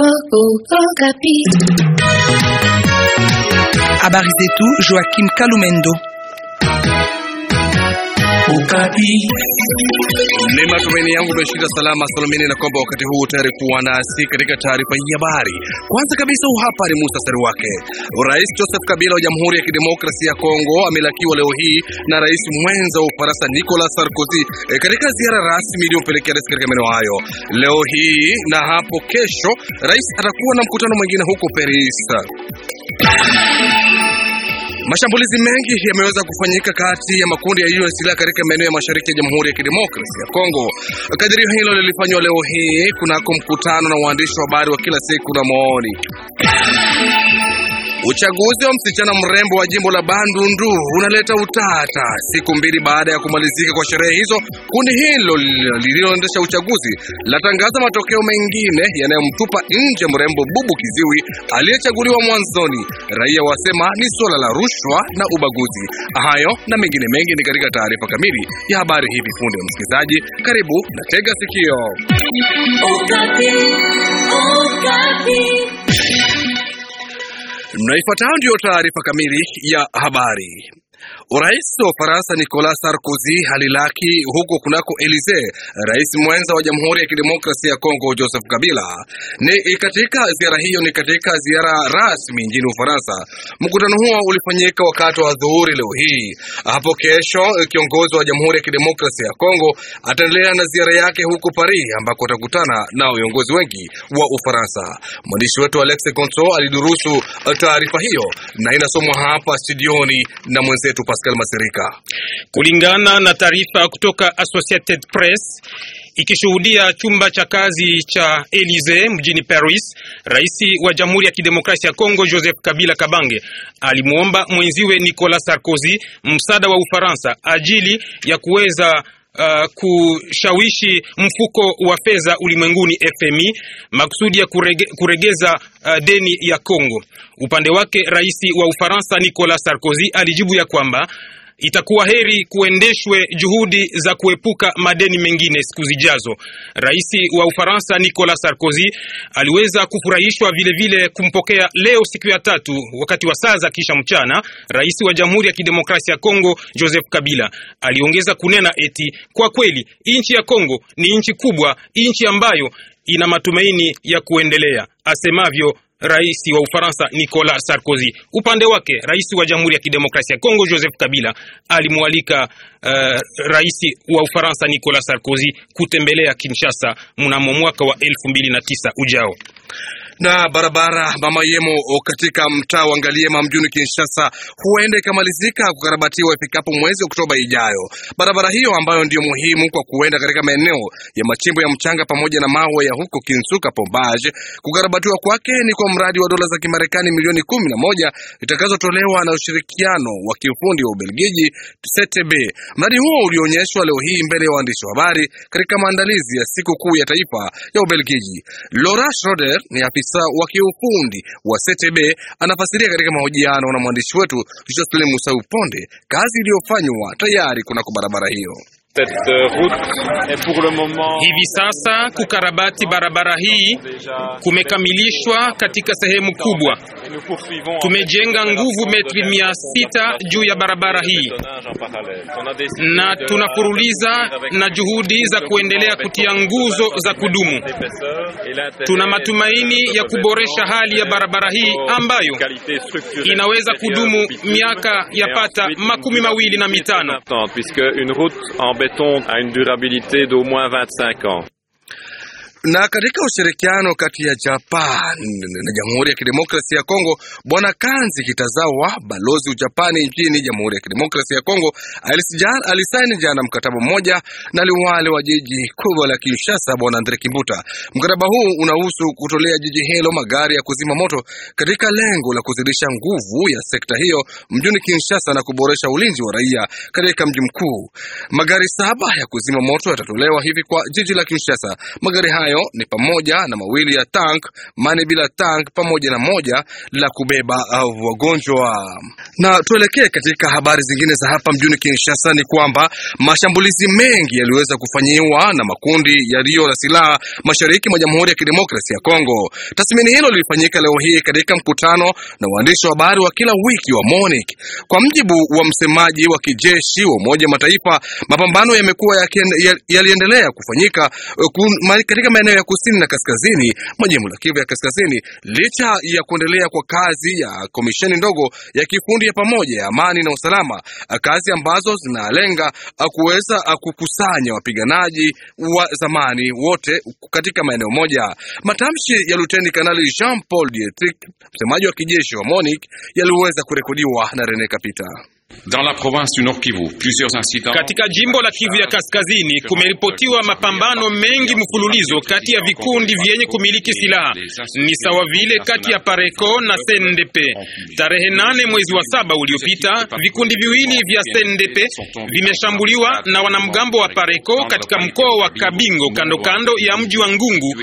Oh oh Habari oh, zetu Joachim Kalumendo. Ukati. Ni matumaini yangu umeshika salama salamini na kwamba wakati huu tayari kuwa nasi katika taarifa hii ya habari. Kwanza kabisa uhapa hapa ni muhtasari wake. Rais Joseph Kabila wa Jamhuri ya Kidemokrasia ya Kongo amelakiwa leo hii na rais mwenza wa Ufaransa Nicolas Sarkozy e, katika ziara rasmi iliyompelekea rais katika maeneo hayo leo hii na hapo kesho, rais atakuwa na mkutano mwingine huko Paris. Mashambulizi mengi yameweza kufanyika kati ya makundi yaliyo na silaha katika maeneo ya mashariki ya Jamhuri ya Kidemokrasia ya Kongo. Kadirio hilo lilifanywa leo hii kunako mkutano na waandishi wa habari wa kila siku na maoni Uchaguzi wa msichana mrembo wa jimbo la Bandundu unaleta utata siku mbili baada ya kumalizika kwa sherehe hizo. Kundi hilo lililoendesha uchaguzi latangaza matokeo mengine yanayomtupa nje mrembo Bubu Kiziwi aliyechaguliwa mwanzoni. Raia wasema ni suala la rushwa na ubaguzi. Hayo na mengine mengi ni katika taarifa kamili ya habari hivi punde. Msikilizaji, karibu na tega sikio. Mnaifuatayo ndiyo taarifa kamili ya habari rais wa Ufaransa Nicolas Sarkozy halilaki huko kunako Elisee rais mwenza wa Jamhuri ya Kidemokrasia ya Kongo Joseph Kabila. Ni katika ziara hiyo ni katika ziara rasmi nchini Ufaransa. Mkutano huo ulifanyika wakati wa dhuhuri leo hii. Hapo kesho kiongozi wa Jamhuri ya Kidemokrasia ya Kongo ataendelea na ziara yake huko Paris ambako atakutana na viongozi wengi wa Ufaransa. Mwandishi wetu Alex Gonzo alidurusu taarifa hiyo na inasomwa hapa studioni na mwenzetu Pas Pascal Masirika. Kulingana na taarifa kutoka Associated Press ikishuhudia chumba cha kazi cha Elysee mjini Paris, rais wa Jamhuri ya Kidemokrasia ya Kongo Joseph Kabila Kabange alimwomba mwenziwe Nicolas Sarkozy msaada wa Ufaransa ajili ya kuweza Uh, kushawishi mfuko wa fedha ulimwenguni FMI makusudi ya kurege, kuregeza uh, deni ya Kongo. Upande wake rais wa Ufaransa Nicolas Sarkozy alijibu ya kwamba itakuwa heri kuendeshwe juhudi za kuepuka madeni mengine siku zijazo. Rais wa Ufaransa Nicolas Sarkozy aliweza kufurahishwa vilevile kumpokea leo siku ya tatu wakati wa saa za kisha mchana rais wa Jamhuri ya Kidemokrasia ya Kongo Joseph Kabila. Aliongeza kunena eti kwa kweli nchi ya Kongo ni nchi kubwa, nchi ambayo ina matumaini ya kuendelea, asemavyo rais wa Ufaransa Nicolas Sarkozy. Upande wake rais wa Jamhuri ya Kidemokrasia ya Kongo Joseph Kabila alimwalika uh, rais wa Ufaransa Nicolas Sarkozy kutembelea Kinshasa mnamo mwaka wa 2009 ujao na barabara mama yemo katika mtaa wa Ngaliema mjini Kinshasa huenda ikamalizika kukarabatiwa ifikapo mwezi Oktoba ijayo. Barabara hiyo ambayo ndiyo muhimu kwa kuenda katika maeneo ya machimbo ya mchanga pamoja na mawe ya huko Kinsuka Pombage, kukarabatiwa kwake ni kwa mradi wa dola za Kimarekani milioni kumi na moja itakazotolewa na ushirikiano wa kiufundi wa Ubelgiji CTB. E mradi huo ulioonyeshwa leo hii mbele ya waandishi wa habari katika maandalizi ya siku kuu ya taifa ya Ubelgiji. Laura Schroeder ni afisa ukurasa wa kiufundi wa CTB anafasiria katika mahojiano na mwandishi wetu Jocelyn Musau Ponde kazi iliyofanywa tayari kunako barabara hiyo. Euh, Hivi sasa kukarabati barabara hii kumekamilishwa katika sehemu kubwa. Tumejenga nguvu metri mia sita juu ya barabara hii, na tunafuruliza na juhudi za kuendelea kutia nguzo za kudumu. Tuna matumaini ya kuboresha hali ya barabara hii ambayo inaweza kudumu miaka pata makumi mawili na mitano. béton à une durabilité d'au moins 25 ans. Na katika ushirikiano kati ya Japan na Jamhuri ya Kidemokrasia ya Kongo, Bwana Kanzi Kitazawa, balozi wa Japani nchini Jamhuri ya Kidemokrasia ya Kongo, alisaini jana mkataba mmoja na liwale wa jiji kubwa la Kinshasa, Bwana Andre Kimbuta. Mkataba huu unahusu kutolea jiji hilo magari ya kuzima moto katika lengo la kuzidisha nguvu ya sekta hiyo mjini Kinshasa na kuboresha ulinzi wa raia katika mji mkuu. Magari saba ya kuzima moto yatatolewa hivi kwa jiji la Kinshasa. Magari haya hayo ni pamoja na mawili ya tank mane bila tank pamoja na moja la kubeba uh, wagonjwa. Na tuelekee katika habari zingine za hapa mjini Kinshasa ni kwamba mashambulizi mengi yaliweza kufanyiwa na makundi yaliyo na silaha mashariki mwa Jamhuri ya Kidemokrasia ya Kongo. Tathmini hilo lilifanyika leo hii katika mkutano na waandishi wa habari wa kila wiki wa MONUC. Kwa mjibu wa msemaji wa kijeshi wa Umoja Mataifa, mapambano yamekuwa yaliendelea ya kufanyika uh, katika maeneo ya kusini na kaskazini mwa jimbo la Kivu ya kaskazini, licha ya kuendelea kwa kazi ya komisheni ndogo ya kifundi ya pamoja ya amani na usalama, kazi ambazo zinalenga kuweza kukusanya wapiganaji wa zamani wote katika maeneo moja. Matamshi ya Luteni Kanali Jean Paul Dietrich, msemaji wa kijeshi wa MONUC, yaliweza kurekodiwa na Rene Kapita. Dans la province du Nord Kivu, plusieurs incidents. Katika jimbo la Kivu ya Kaskazini kumeripotiwa mapambano mengi mfululizo kati ya vikundi vyenye kumiliki silaha, ni sawa vile kati ya Pareco na CNDP. Tarehe nane mwezi wa saba uliopita, vikundi viwili vya CNDP vimeshambuliwa na wanamgambo wa Pareco katika mkoa wa Kabingo, kando kando ya mji wa Ngungu,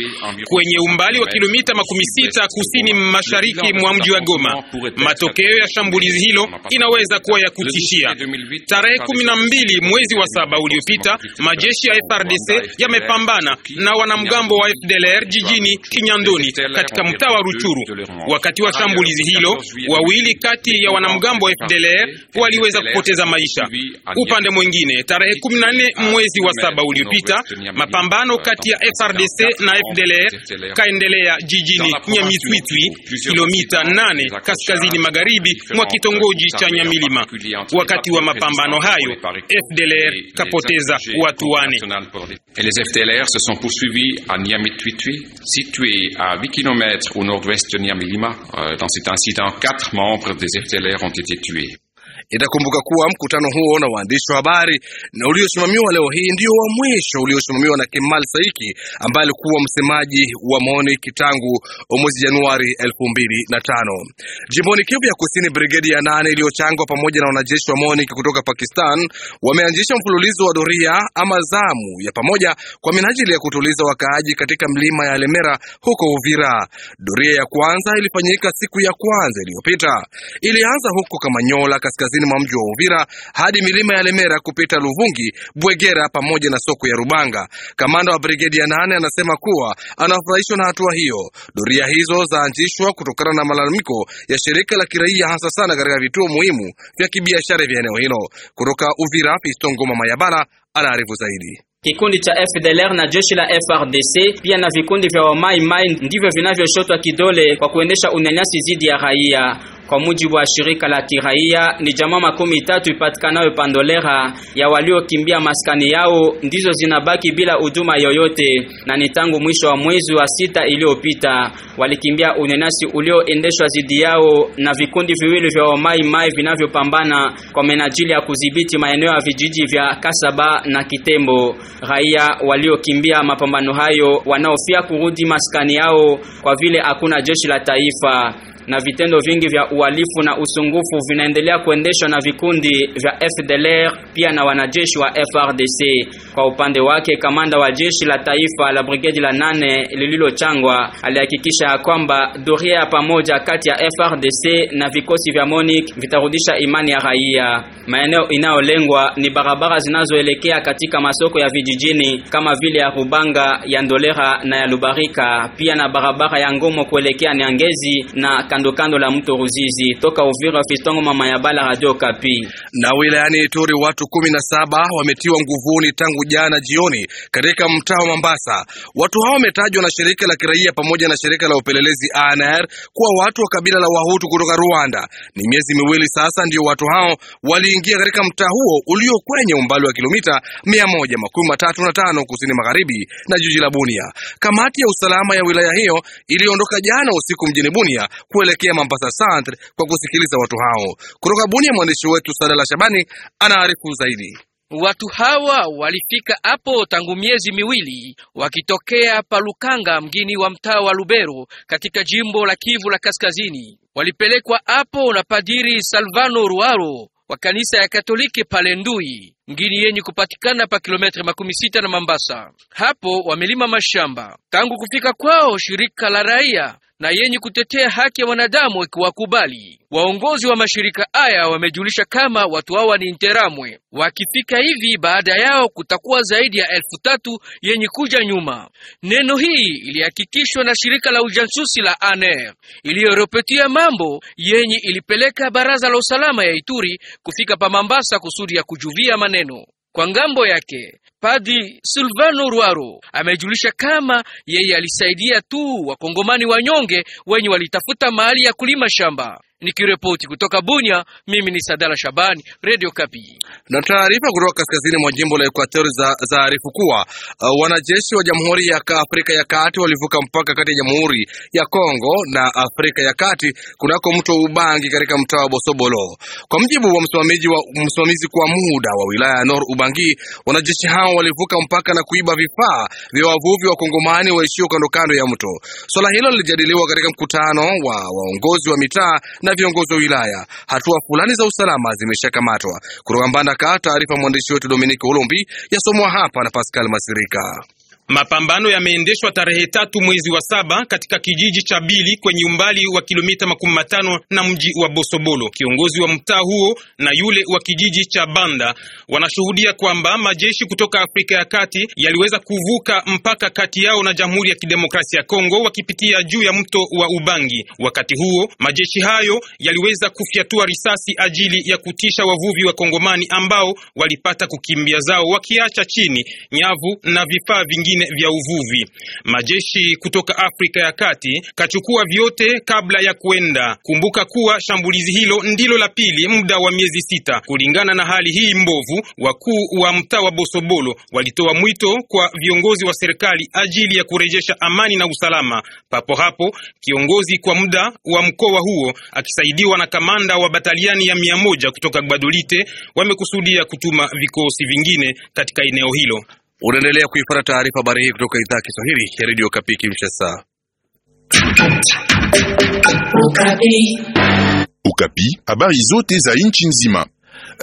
kwenye umbali wa kilomita makumi sita kusini mashariki mwa mji wa Goma. Matokeo ya shambulizi hilo inaweza kuwa ya kutishia. Tarehe kumi na mbili mwezi wa saba uliopita, majeshi ya FRDC yamepambana na wanamgambo wa FDLR jijini Kinyandoni katika mtaa wa Ruchuru. Wakati wa shambulizi hilo, wawili kati ya wanamgambo wa FDLR waliweza kupoteza maisha. Upande mwingine, tarehe kumi na nne mwezi wa saba uliopita, mapambano kati ya FRDC na FDLR kaendelea jijini Nyamiswitwi, kilomita 8 kaskazini magharibi mwa kitongoji cha Nyamilima. Wakati wa mapambano hayo FDLR à watu wane. Situé à 8 km au nord-ouest de niamey euh, dans cet incident, quatre membres des FDLR ont été tués. Itakumbuka kuwa mkutano huo na waandishi wa habari na uliosimamiwa leo hii ndio wa mwisho uliosimamiwa na Kemal Saiki ambaye alikuwa msemaji wa MONUC tangu mwezi Januari 2005. Jimboni Kivu ya Kusini, brigedi ya nane iliyochangwa pamoja na wanajeshi wa MONUC kutoka Pakistan wameanzisha mfululizo wa doria ama zamu ya pamoja kwa minajili ya kutuliza wakaaji katika mlima ya Lemera huko Uvira. Doria ya kwanza ilifanyika siku ya kwanza iliyopita, ilianza huko Kamanyola kaskazini kaskazini mwa mji wa Uvira hadi milima ya Lemera kupita Luvungi, Bwegera pamoja na soko ya Rubanga. Kamanda wa brigedi ya nane anasema kuwa anafurahishwa na hatua hiyo. Doria hizo zaanzishwa kutokana na malalamiko ya shirika la kiraia, hasa sana katika vituo muhimu vya kibiashara vya eneo hilo. Kutoka Uvira, Fiston Ngoma Mayabara anaarifu zaidi. Kikundi cha FDLR na jeshi la FRDC pia na vikundi vya wamaimai ndivyo vinavyoshotwa kidole kwa kuendesha unyanyasi dhidi ya raia. Kwa mujibu wa shirika la kiraia, ni jamaa makumi tatu ipatikanayo Pandolera ya waliokimbia maskani yao ndizo zinabaki bila huduma yoyote, na ni tangu mwisho wa mwezi wa sita iliyopita. Walikimbia unenasi ulioendeshwa zidi yao na vikundi viwili vya wamai mai vinavyopambana kwa menajili ya kudhibiti maeneo ya vijiji vya Kasaba na Kitembo. Raia waliokimbia mapambano hayo wanaofia kurudi maskani yao kwa vile hakuna jeshi la taifa na vitendo vingi vya uhalifu na usungufu vinaendelea kuendeshwa na vikundi vya FDLR pia na wanajeshi wa FRDC. Kwa upande wake, kamanda wa jeshi la taifa la brigedi la nane lililochangwa alihakikisha kwamba doria ya pamoja kati ya FRDC na vikosi vya MONUC vitarudisha imani ya raia. Maeneo inayolengwa ni barabara zinazoelekea katika masoko ya vijijini kama vile ya Rubanga, ya Ndolera na ya Lubarika, pia na barabara ya Ngomo kuelekea Nyangezi na kando kando la mto Ruzizi. Toka Uvira, Fistongo mama ya Bala, Radio Kapi. Na wilayani Ituri watu kumi na saba wametiwa nguvuni tangu jana jioni katika mtaa wa Mambasa. Watu hao wametajwa na shirika la kiraia pamoja na shirika la upelelezi ANR kuwa watu wa kabila la Wahutu kutoka Rwanda. Ni miezi miwili sasa ndio watu hao waliingia katika mtaa huo ulio kwenye umbali wa kilomita 135 kusini magharibi na jiji la Bunia. Kamati ya usalama ya wilaya hiyo iliondoka jana usiku mjini Bunia kuelekea kuelekea Mombasa Centre kwa kusikiliza watu hao. Kutoka Bunia, mwandishi wetu Sadala Shabani anaarifu zaidi. Watu hawa walifika hapo tangu miezi miwili wakitokea Palukanga, mgini wa mtaa wa Lubero katika jimbo la Kivu la Kaskazini. Walipelekwa hapo na Padiri Salvano Ruaro wa kanisa ya Katoliki pale Ndui mgini yenye kupatikana pa kilometre makumi sita na Mambasa. Hapo wamelima mashamba. Tangu kufika kwao, shirika la raia na yenye kutetea haki ya wanadamu ikiwakubali. Waongozi wa mashirika haya wamejulisha kama watu hawa ni Nteramwe. Wakifika hivi baada yao kutakuwa zaidi ya elfu tatu yenye kuja nyuma. Neno hii ilihakikishwa na shirika la ujasusi la ANR iliyoropotia mambo yenye ilipeleka baraza la usalama ya Ituri kufika pa Mambasa kusudi ya kujuvia maneno. Kwa ngambo yake padi Silvano Ruaro amejulisha kama yeye alisaidia tu wakongomani wanyonge wenye walitafuta mahali ya kulima shamba. Nikiripoti kutoka Bunya, mimi ni Sadala Shabani, Radio Kapi. Na taarifa kutoka kaskazini mwa jimbo la Equatori za zaarifu kuwa uh, wanajeshi wa Jamhuri ya Afrika ya Kati walivuka mpaka kati ya Jamhuri ya Kongo na Afrika ya Kati kunako mto Ubangi katika mtaa wa Bosobolo. Kwa mjibu wa msimamizi wa msimamizi kwa muda wa wilaya ya Nord Ubangi, wanajeshi hao walivuka mpaka na kuiba vifaa vya wavuvi wa Kongomani waishio kando kando ya mto. Swala hilo lilijadiliwa katika mkutano wa waongozi wa mitaa na viongozi wa wilaya. Hatua fulani za usalama zimeshakamatwa. Kutoka Mbandaka, taarifa mwandishi wetu Dominiki Olombi yasomwa hapa na Pascal Masirika. Mapambano yameendeshwa tarehe tatu mwezi wa saba katika kijiji cha Bili kwenye umbali wa kilomita makumi matano na mji wa Bosobolo. Kiongozi wa mtaa huo na yule wa kijiji cha Banda wanashuhudia kwamba majeshi kutoka Afrika ya Kati yaliweza kuvuka mpaka kati yao na Jamhuri ya Kidemokrasia ya Kongo wakipitia juu ya mto wa Ubangi. Wakati huo majeshi hayo yaliweza kufyatua risasi ajili ya kutisha wavuvi wa Kongomani ambao walipata kukimbia zao wakiacha chini nyavu na vifaa vingine vingine vya uvuvi. Majeshi kutoka Afrika ya Kati kachukua vyote kabla ya kuenda. Kumbuka kuwa shambulizi hilo ndilo la pili muda wa miezi sita. Kulingana na hali hii mbovu, wakuu wa mtaa wa Bosobolo walitoa mwito kwa viongozi wa serikali ajili ya kurejesha amani na usalama. Papo hapo kiongozi kwa muda wa mkoa huo akisaidiwa na kamanda wa bataliani ya mia moja kutoka Gbadolite wamekusudia kutuma vikosi vingine katika eneo hilo. Unaendelea kuifuata taarifa habari hii kutoka idhaa ya Kiswahili ya Radio Kapi Kinshasa. Ukapi, habari zote za nchi nzima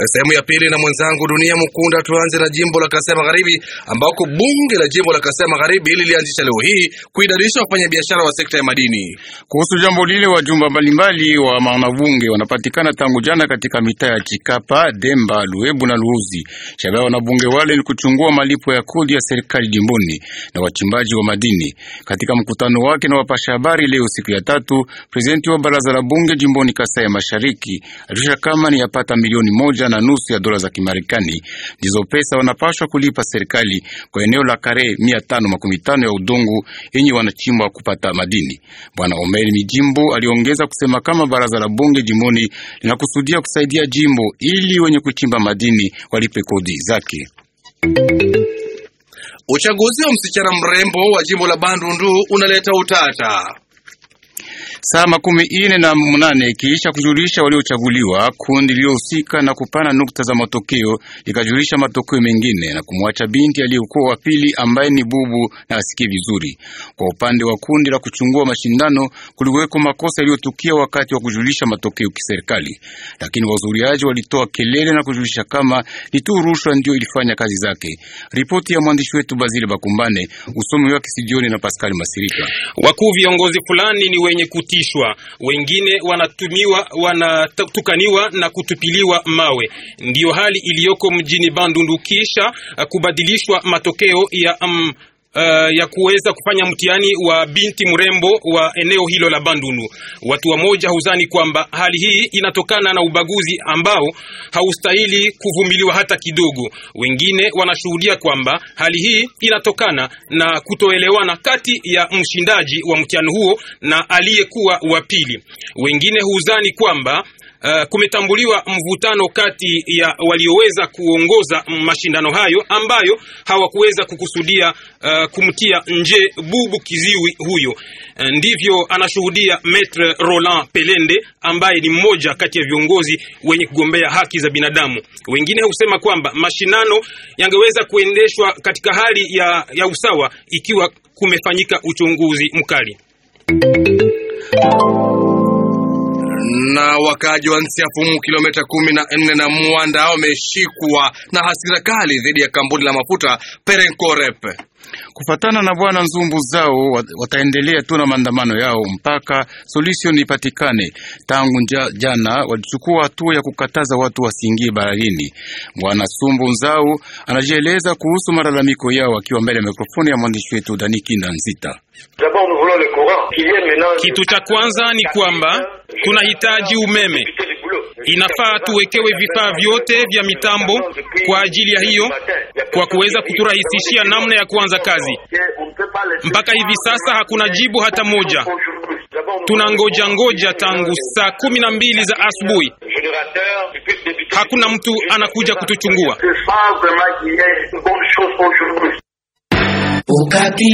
Sehemu ya pili na mwenzangu Dunia Mkunda. Tuanze na jimbo la Kasai Magharibi ambako bunge la jimbo la Kasai Magharibi lilianzisha leo hii kuidadisha wafanyabiashara wa sekta ya madini. Kuhusu jambo lile, wajumba mbalimbali wa manabunge wanapatikana tangu jana katika mitaa ya Chikapa, Demba, Luebu na Luuzi. Shabaha wanabunge wale ni kuchungua malipo ya kodi ya serikali jimboni na wachimbaji wa madini. Katika mkutano wake na wapasha habari leo siku ya tatu, prezidenti wa baraza la bunge jimboni Kasai ya Mashariki alisha kama ni yapata milioni moja moja na nusu ya dola za Kimarekani ndizo pesa wanapashwa kulipa serikali kwa eneo la kare mia tano makumi tano ya udongo yenye wanachimbwa kupata madini. Bwana Omer Mijimbo aliongeza kusema kama baraza la bunge jimboni linakusudia kusaidia jimbo ili wenye kuchimba madini walipe kodi zake. Uchaguzi wa msichana mrembo wa jimbo la Bandundu unaleta utata saa makumi ine na mnane kiisha kujulisha waliochaguliwa. Kundi lilohusika na kupana nukta za matokeo likajulisha matokeo mengine na kumwacha binti aliyekuwa wa pili ambaye ni bubu na asikie vizuri. Kwa upande wa kundi la kuchungua mashindano, kuliweko makosa yaliyotukia wakati wa kujulisha matokeo kiserikali, lakini wazuriaji walitoa kelele na kujulisha kama ni tu rushwa ndio ilifanya kazi zake. Ripoti ya mwandishi wetu Bazili Bakumbane, usomi wake sijioni na Pascal Masirika. Wakuu viongozi fulani ni wenye kuti kuhusishwa, wengine wanatumiwa, wanatukaniwa na kutupiliwa mawe. Ndiyo hali iliyoko mjini Bandundu kisha kubadilishwa matokeo ya um, uh, ya kuweza kufanya mtihani wa binti mrembo wa eneo hilo la Bandundu. Watu wa moja huzani kwamba hali hii inatokana na ubaguzi ambao haustahili kuvumiliwa hata kidogo. Wengine wanashuhudia kwamba hali hii inatokana na kutoelewana kati ya mshindaji wa mtihani huo na aliyekuwa wa pili. Wengine huzani kwamba uh, kumetambuliwa mvutano kati ya walioweza kuongoza mashindano hayo ambayo hawakuweza kukusudia uh, kumtia nje bubu kiziwi huyo. Uh, ndivyo anashuhudia Maitre Roland Pelende ambaye ni mmoja kati ya viongozi wenye kugombea haki za binadamu. Wengine husema kwamba mashindano yangeweza kuendeshwa katika hali ya, ya usawa ikiwa kumefanyika uchunguzi mkali na wakaaji wa Nsiafumu, kilomita kumi na nne na Mwanda, wameshikwa na hasira kali dhidi ya kampuni la mafuta Perenkorep. Kufatana na bwana Nzumbu zao wataendelea tu na maandamano yao mpaka solution ipatikane. Tangu nja, jana walichukua hatua ya kukataza watu wasiingie baharini. Bwana Sumbu zao anajieleza kuhusu malalamiko yao akiwa mbele ya mikrofoni ya mwandishi wetu Dani Nzita. Kitu cha kwanza ni kwamba tunahitaji umeme. Inafaa tuwekewe vifaa vyote vya mitambo kwa ajili ya hiyo, kwa kuweza kuturahisishia namna ya kuanza kazi. Mpaka hivi sasa hakuna jibu hata moja. Tunangoja ngoja tangu saa kumi na mbili za asubuhi, hakuna mtu anakuja kutuchungua. Okapi.